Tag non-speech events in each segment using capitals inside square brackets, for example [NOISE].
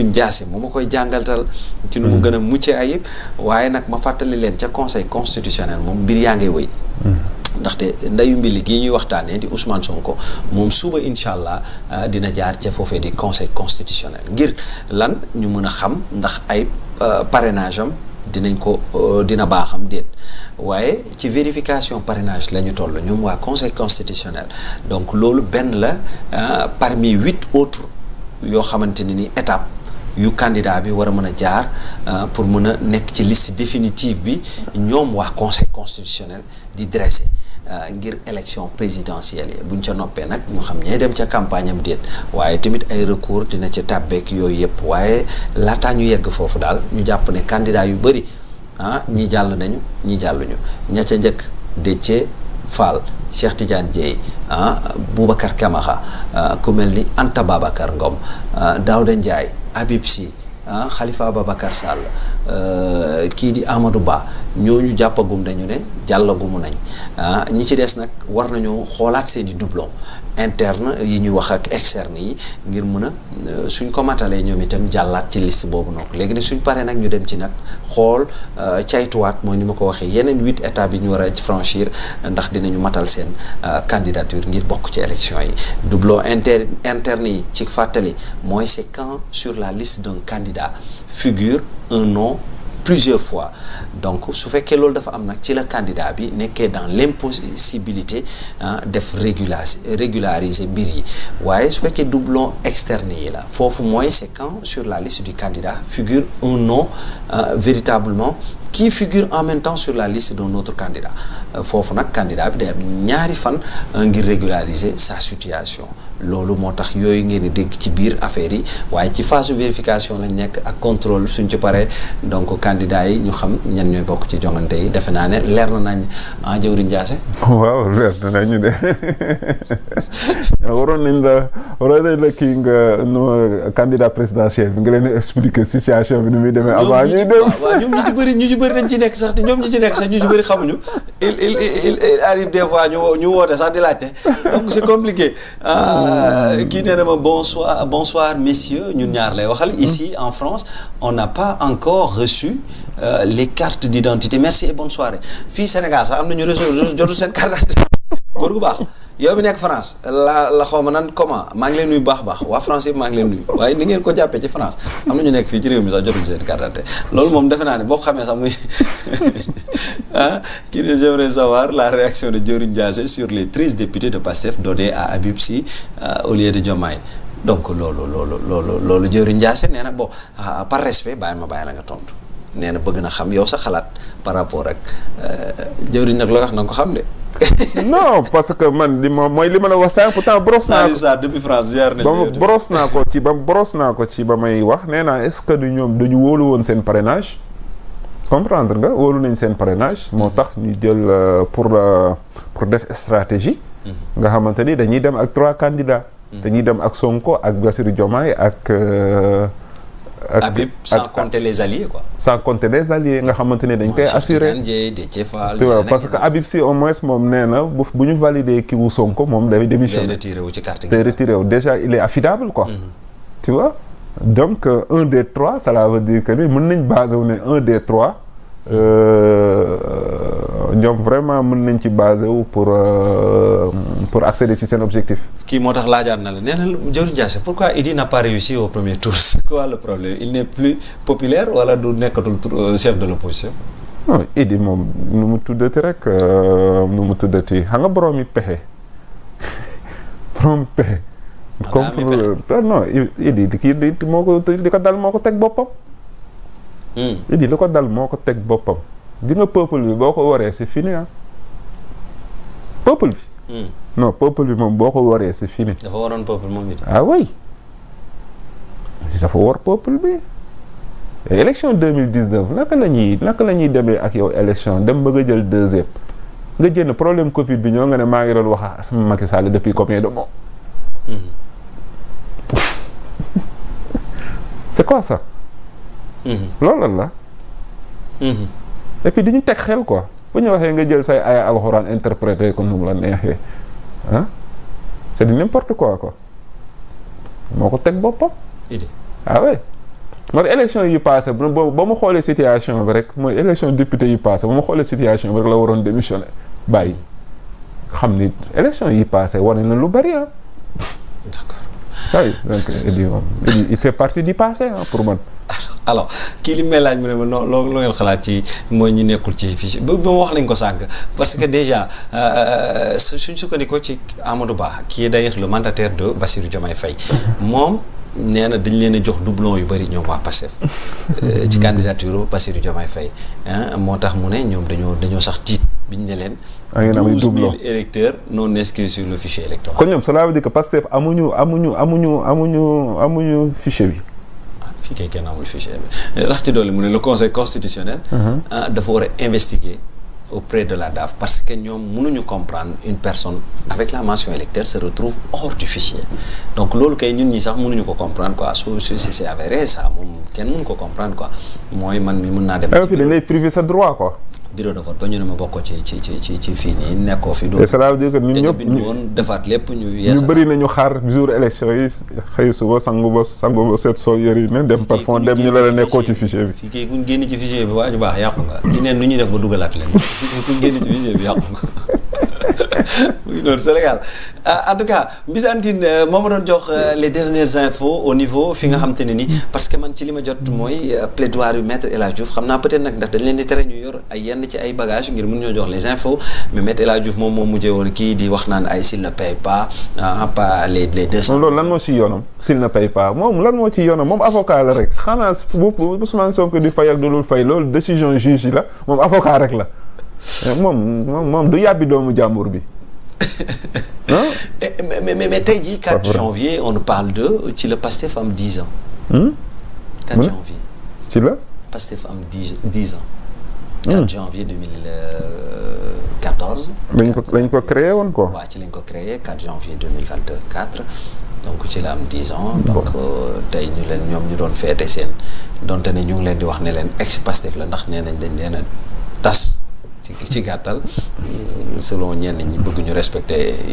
duñ jaase mu ma koy jàngaltal ci nu mu hmm. gën a mucce ayib waaye nag ma fàttali leen ca conseil constitutionnel moom mbir yaa ngi wéy hmm. ndaxte ndayu mbili gii ñuy waxtaanee di Ousmane ko moom suba incha allah ah, dina jaar ca foofee di conseil constitutionnel ngir lan ñu mën a xam ndax ay ah, parrainage am dinañ ko ah, dina baaxam déet waaye ci vérification parrainage la ñu toll ñoom waa conseil constitutionnel donc loolu benn la parmi huit autres yoo xamante ne ni étape yu candidat bi war a mën a jaar euh, pour mën a nekk ci list définitive bi ñoom wax conseil constitutionnel di dressé euh, ngir élection présidentielle yi buñ ca noppee nag ñu xam ñee dem ca campagne am déet waaye tamit ay recours dina ca tàbbeek yooyu yëpp waaye laataa ñu yegg foofu daal ñu jàpp ne candidat yu bëri ah ñii jàll nañu ñii jàlluñu ña ca njëkk Déthié Fall Cheikh Tidiane Dieye ah Boubacar Camara euh, ku mel ni Anta Babacar Ngom Daouda Ndiaye Habib Sy ah Khalifa Ababacar Sall Euh, kii di Amadou Ba ñooñu jàppagum dañu ne jàllagum nañ ah ñi ci des nag war nañu xoolaat seen i doublon interne yi ñuy wax ak externe yi ngir mën a euh, suñ ko matalee ñoom itam jàllaat ci list boobu noonu léegi nag suñ paree nag ñu dem ci nag xool euh, caytuwaat mooy ni ma ko waxee yeneen huit état bi ñu war a franchir ndax dinañu matal seen candidature ngir bokk ci élection yi doublon inter interne yi ci fàttali mooy c'est quand sur la liste d'un candidat figure un nom plusieurs fois donc su fekkee loolu dafa am nag ci la candidat bi nekkee dans l'impossibilité def régula régulariser mbir yi waaye su fekkee doublon externe yi la foofu mooy c'est quand sur la liste du candidat figure un nom véritablement qui figure en même temps sur la liste d'un autre candidat euh, foofu nag candidat bi day am ñaari fan ngir régulariser sa situation loolu moo tax yooyu ngeen di dégg ci biir affaire yi waaye ci phase vérification lañ nekk ak contrôle suñ ci paree donc candidat yi ñu xam ñan ñooy bokk ci jongante yi defe naa ne leer na nañ ah jëwriñ Ndiasse waaw leer na nañu de waroon nañ la waroon nañ la kii nga no candidat présidentiel bi nga leen expliquer situation bi nu muy demee avant ñuy bëri nañ ci nekk sax ñoom ñi ci nekk sax ñu ñu bëri xamuñu il il il arrive des fois ñu ñu woote sax di laajte donc c'est compliqué euh, kii nee na ma bonsoir bonsoir messieurs ñu ñaar lay waxal ici en France on n'a pas encore reçu euh, les cartes d'identité merci et bonne soirée fii Sénégal sax am na nañu reçu jotu seen carte d'identité gu baax yow bi nekk France la la xaw ma nan comment maa ngi leen nuyu baax baax waa France yëpp maa ngi leen nuyu waaye ni ngeen ko jàppee ci France am na ñu nekk fii ci réew mi sax jotuñu seen carte loolu moom defe naa ne boo xamee sax muy [LAUGHS] ah kii ne j'aimerais savoir la réaction de Diorine Diassé sur les tris députés de PASTEF donnés à Habib Sy euh, au lieu de Diomaye donc loolu loolu loolu loolu Diorine Diassé nee na bon ah, ah, par respect bàyyi ma bàyyi la nga tontu nee na bëgg na xam yow sa xalaat par rapport ak euh, Diorine nag looy wax na ko xam de. [LAUGHS] non parce que man li moom mooy li ma la wax sànq pourtant boros naa ko Saliou depuis France boros naa ko ci ba boros naa ko ci ba may wax nee naa est-ce que du ñoom dañu woolu woon seen parrainage comprendre nga woolu nañ seen parrainage moo tax ñu jël euh, pour euh, pour def stratégie mm-hmm. nga xamante ni dañuy dem ak trois candidats mm-hmm. dañuy dem ak Sonko ak Bassirou yi ak euh, ak Habib sans les alliés quoi. sans compter les alliés nga xamante ne dañ koy. assuré tu vois parce que Habib si au moins moom nee na bu bu ñu valider kii wu Sonko moom day démissionné. day retiré wu ci carte gi day retiré wu déjà il est affidable quoi. Mm-hmm. tu vois donc euh, un de trois ça veut dire que ni mën nañ basé w ne un des trois. Euh, euh, ñoom vraiment mën nañ ci basé wu pour euh, pour accéder ci seen objectif. kii moo tax laajaat na la nee na Diori Ndiaye pourquoi Idy n'a pas réussi au premier tour. [LAUGHS] c'est quoi le problème il n'est plus euh, chef de l'opposition non Idy moom nu mu tuddati rek euh, nu mu tuddati xam nga borom yi pexe [LAUGHS] borom pexe. comme ah, non Idy di ko di dal moo ko teg boppam. Idy li ko dal moo ko teg boppam. Hmm. gis nga peuple bi boo ko waree c'est fini ah peuple bi. Hmm. non peuple bi moom boo ko waree c'est fini. dafa waroon peuple moom it. ah oui dafa war peuple bi. élection naka la ñuy naka lañuy ñuy ak yow élection dem ba nga jël deuxième nga jënd problème Covid bi ñoo nga ne maa ngi doon wax ak sama Macky Sall depuis combien de mois. Hmm. [LAUGHS] c'est quoi ça. Hmm. loolu la. et puis di ñu teg xel quoi bu ñu waxee nga jël say aya alxuraan interprété ko nu mu la neexee ah c'est du n'importe quoi ko moo ko teg boppam. idi ah oui. mooy élection yi passé ba ba mu xoolee situation bi rek mooy élection député yi passé ba mu xoolee situation bi rek la waroon démissionné bàyyi xam ni élection yi passé wane na lu bari ah. d'accord. oui donc eh Idy moom il fait partie du passé ah pour man. alors kii li may laaj mu ne ma non loo ngeen xalaat ci mooy ñu nekkul ci fichier ba ba wax lañ ko sànq parce que déjà euh, euh, euh, suñ sukkandikoo ci Amadou Ba qui est d'ailleurs le mandataire de Bassirou Diomaye Faye moom nee na dañ leen a jox doublon yu bëri ñoom waa Pastef [LAUGHS] ci candidature Bassirou Diomaye Faye moo tax mu ne ñoom dañoo dañoo sax tiit biñ ne leen. Ah, douze mille électeurs non inscrits sur le fichier électoral. kon ñoom cela veut dire que amuñu amuñu amuñu amuñu amuñu fichier bi. fii kay kenn amul fichier bi eh, rax ci doole mu ne le conseil constitutionnel. Mhm. Ah, dafa war a investiguer auprès de la DAF parce que ñoom mënuñu comprendre une personne avec la mention électeur se retrouve hors du fichier donc loolu kay ñun ñi sax mënuñu ko comprendre quoi su su si c'est avéré ça moom kenn mënu ko comprendre quoi mooy man mi mën naa dem. Eh, ci privé sa droit quoi. bureau de vote ba ñu ne ma bokkoo ci ci ci ci ci fii nii nekkoo fi. te cela veut dire que ñun ñëpp ñu woon defaat lépp ñu. yeesal bëri nañu xaar jour élection yi xëy suba sangu ba sangu ba seet soo yëri ne dem par dem ñu la la nekkoo ci fichier bi. fii kay ku ñu génn ci fichier bi waa ju baax yàqu nga. di neen nu ñuy def ba dugalaat leen ku ñu génn ci fichier bi yàqu nga. [LAUGHS] mu ngi noonu Sénégal ah, en tout Bisantin euh, moo ma doon jox euh, les dernières infos au niveau fi nga xam te ne ni parce que man ci li ma jot mooy euh, plaidoirie yu maître El Hadj Diouf xam naa peut nag ndax dañ leen tere ñu yor ay yenn ci ay bagages ngir mun ñoo jox les infos mais maître El Hadj Diouf moom moo mujjee woon kii di wax naan ay s'il ne paye pas ah pas les les loolu lan moo ci yoonam s'il ne paye moom lan moo ci yoonam moom avocat la rek xanaa bu Ousmane Sonko di la moom avocat la. Eh, moom moom du yàbbi doomu jàmbur bi. [LAUGHS] mais mais mais tey jii 4 janvier on parle de ci la Pastef am 10 ans. 4 hmm? janvier. ci la. Pastef am 10 10 ans. 4 hmm. janvier 2014. Euh, lañ ko lañ ko créé woon quoi. waaw ci lañ ko créé 4 janvier 2024 donc ci la am 10 ans. donc euh, tey ñu leen ñoom ñu doon feete seen donte ne ñu ngi leen di wax ne leen ex Pastef la ndax nee nañ dañ leen a tas. ci ci gàttal selon ñenn ñi bëgg ñu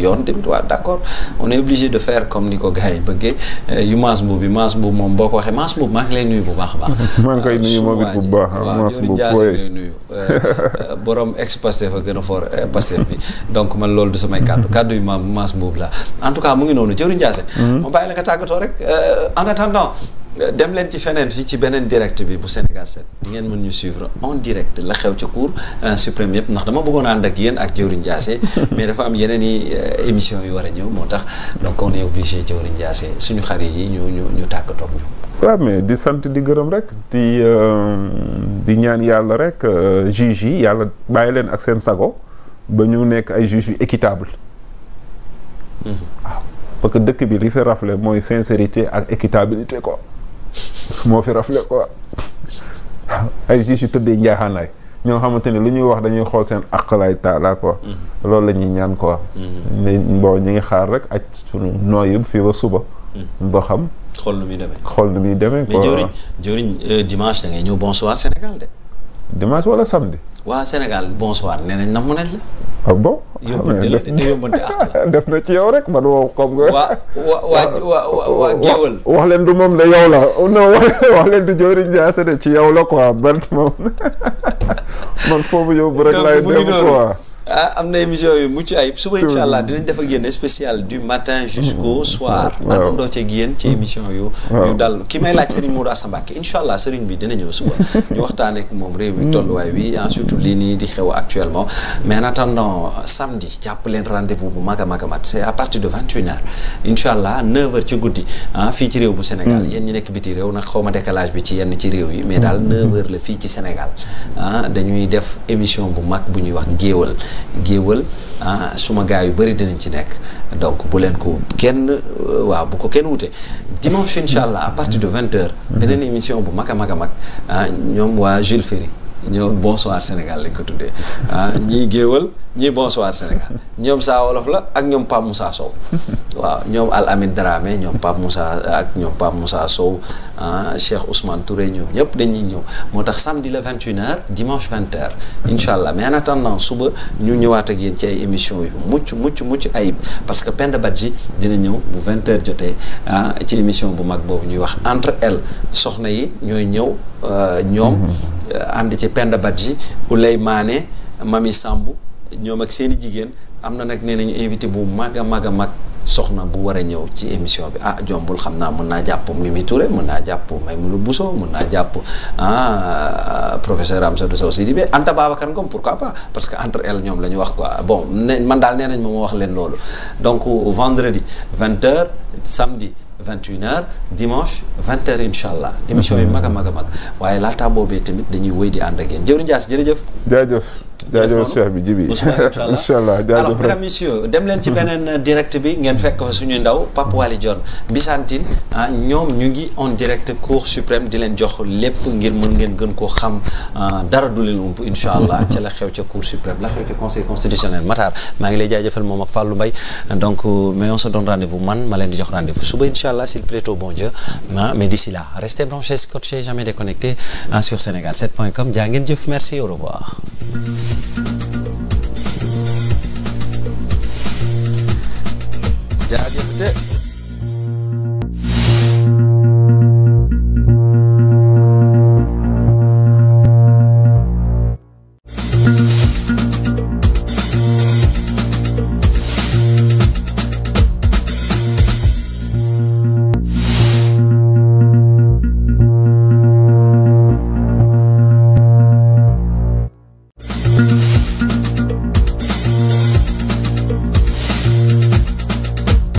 yoon tamit waa d'accord on est obligé de faire comme ni ko gars yi bëggee euh, yu maas mbuub bi maas mbuub moom boo ko waxee maas mbuub maa ngi lay nuyu bu baax baax. [LAUGHS] maa koy nuyu moom it bu baax maas mbuub lay nuyu euh, euh, borom ex-Pastef fa gën a fort Pastef bi donc man loolu du samay kàddu kàddu yu ma maas mbuub la en tout cas mu ngi noonu jëriñ Ndiassé. ma mm-hmm. bàyyi la nga tàggatoo rek en attendant. dem leen ci feneen fii ci beneen direct bi bu Sénégal 7 di ngeen mën ñu suivre en direct la xew ca Cour euh, suprême yëpp ndax dama bëggoon ànd ak yéen ak Jëwriñ Ndiassé [LAUGHS] mais dafa am yeneen i euh, émission yu war a ñëw moo tax donc on est obligé Jëwriñ jaasee suñu xarit yi ñu ñu ñu tàkkatoog ñoom. waaw mais di sant di gërëm rek di euh, ñaan yàlla rek juge yi yàlla bàyyi leen ak seen sago ba ñu nekk ay juge yu équitable. Mm-hmm. waaw parce que dëkk bi li fi rafle mooy sincérité ak équitabilité quoi. moo fi rafle quoi ay juges yu tëddee njaaxaanaay ñoo xamante ne lu ñuy wax dañuy xool seen aqlaay taala quoi. Mm-hmm. loolu la ñuy ñaan quoi. Mm-hmm. ne bon ñu ngi xaar rek ak sunu nooyub fii ba suba. Mm-hmm. ba xam. xool nu muy demee xool nu muy demee. quoi mais jëwriñ jëwriñ euh, dimanche da ngay ñëw bonsoir Sénégal de. dimanche wala samedi. waa Sénégal bonsoir nee na mu nañ la. ah bon. yóbbante la te yóbbante àq la [LAUGHS] des na ci yow rek man wow xam nga. waa waa waa waa géwël. wax leen du moom la yow la non [LAUGHS] wax leen du Diori Ndiassé de ci yow la quoi man moom [LAUGHS] man foofu yóbbu rek. laay dem quoi ah am na émission yu mucc ayib suba incha dina dinañ def ak yéen spécial du matin jusqu'au mm-hmm. soir. waaw àndandoo ceeg ci mm-hmm. émission yu. yu dal ki may laaj Serigne Modou Assa Mbacké incha allah Serigne bi dina ñëw suba. ñu waxtaanee ak moom réew mi mm-hmm. tolluwaay bi ah, surtout lii nii di xew actuellement mais en attendant samedi jàpp leen rendez-vous bu mag a mag a mat c'est à partir de vingt et une heures incha allah ci guddi ah fii ci réew bu Sénégal yen ñi nekk biti réew nag xaw ma décalage bi ci yenn ci réew yi mais daal neuf la fii ci Sénégal ah dañuy def émission bu mag bu ñuy wax géewal géwal ah suma gars yu bëri dinañ ci nekk donc bu leen ko kenn euh, waaw bu ko kenn wute dimanche incha allah à partir de vingt heures mhm. beneen émission bu mag a mag a mag ah ñoom waa Jules Ferry ñoom bonsoir Sénégal lañ ko tuddee ah ñii géewal ñii bonsoir Sénégal ñoom saa wolof la ak ñoom Pape Moussa Sow waaw ñoom Al Amin Dramé ñoom Pape Moussa ak ñoom Pape Moussa Sow ah Cheikh Ousmane Touré ñoom ñëpp dañuy ñëw moo tax samedi la vingt une heure dimanche vingt heure incha allah mais en attendant suba ñu ñëwaat ak yéen ci ay émissions yu mucc mucc mucc ayib parce que bat Badji dina ñëw bu vingt heure jotee ah, ci émission bu mag boobu ñuy wax entre elles soxna yi ñooy ñëw euh, ñoom mm-hmm. ànd ci Penda Badji Ulay Maane Mami Samb ñoom ak seen i jigéen am na nag nee nañu invité bu mag a mag a mag soxna bu war a ñëw ci émission bi ah jombul xam naa mën naa jàpp Mimi Touré mën naa jàpp Maymouna Bousso mën naa jàpp ah professeur Amsatou Sow Sidibé Anta Babacar Ngom pourquoi pas parce que entre elles ñoom la ñu wax quoi bon man daal nee nañ ma ma wax leen loolu donc vendredi 20h samedi. 21 heures dimanche 20 heures incha allah émission yu mag a mag a mag waaye laataa boobee tamit dañuy wéy di ànd ak yéen jëwriñ Ndiass jërëjëf. jërëjëf. jaajëf cheikh bi jibi incha allah alors mesdames messieurs dem leen ci [LAUGHS] beneen euh, direct bi ngeen fekk suñuy ndaw Pape Waly Dione Bichantine ah ñoom ñu ngi en direct cour suprême di leen jox lépp ngir mën ngeen gën koo xam ah, dara du leen ump incha allah [LAUGHS] ca la xew ca cour suprême la ngi lay jaajëfal moom ak Fallou Mbaye donc euh, on se donne ma leen di jox rendez-vous suba incha allah s'il plaît au bon Dieu ah, mais d'ici là restez branchés scotchés jamais sur Sénégal 7 point com jaa ngeen jëf merci au revoir